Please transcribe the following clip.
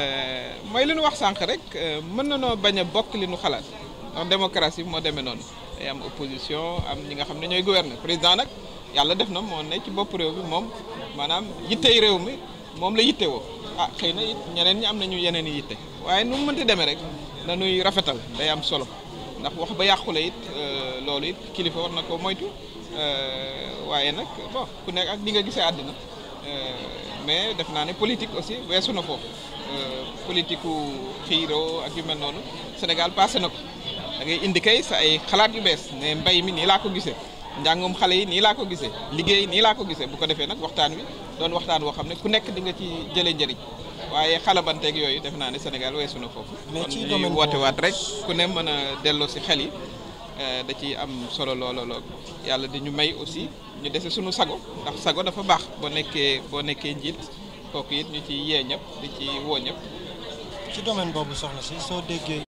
Euh, mooy li nu wax sànq rek euh, mën na noo bañ a bokk li nu xalaat ndax bi moo demee noonu day am opposition am ñi nga xam ne ñooy gouverner président nag yàlla def na moo ne ci bopp réew mi moom maanaam yittey réew mi moom la yitte woo ah xëy na it ñeneen ñi am nañu yeneen i yitte waaye nu mu mënti demee rek nanuy rafetal day am solo ndax wax ba yàqule it euh, loolu it kilifa war na koo moytu waaye nag bon ku nekk ak li nga gisee àddina mais def naa ne politique aussi weesu na foofu euh, politique ku xiiro ak yu mel noonu Sénégal passé na ko da indi kay sa ay xalaat yu bees ne mbay mi nii laa ko gisee njàngum xale yi nii laa ko gisee liggéey nii laa ko gisee bu ko defee nag waxtaan wi doon waxtaan woo xam ne ku nekk di nga ci jëlee njëriñ waaye xalabanteeg yooyu def naa ne Sénégal weesu na foofu. mais ci domaine woote waat rek ku ne mën a delloo si xel yi. Euh, da ciy am solo loola lool yàlla di ñu may aussi ñu dese suñu sago ndax sago dafa baax boo nekkee boo nekkee njiit kooku it ñu ci yee ñëpp di ci woo ñëpp. ci domaine boobu soxna si soo déggee.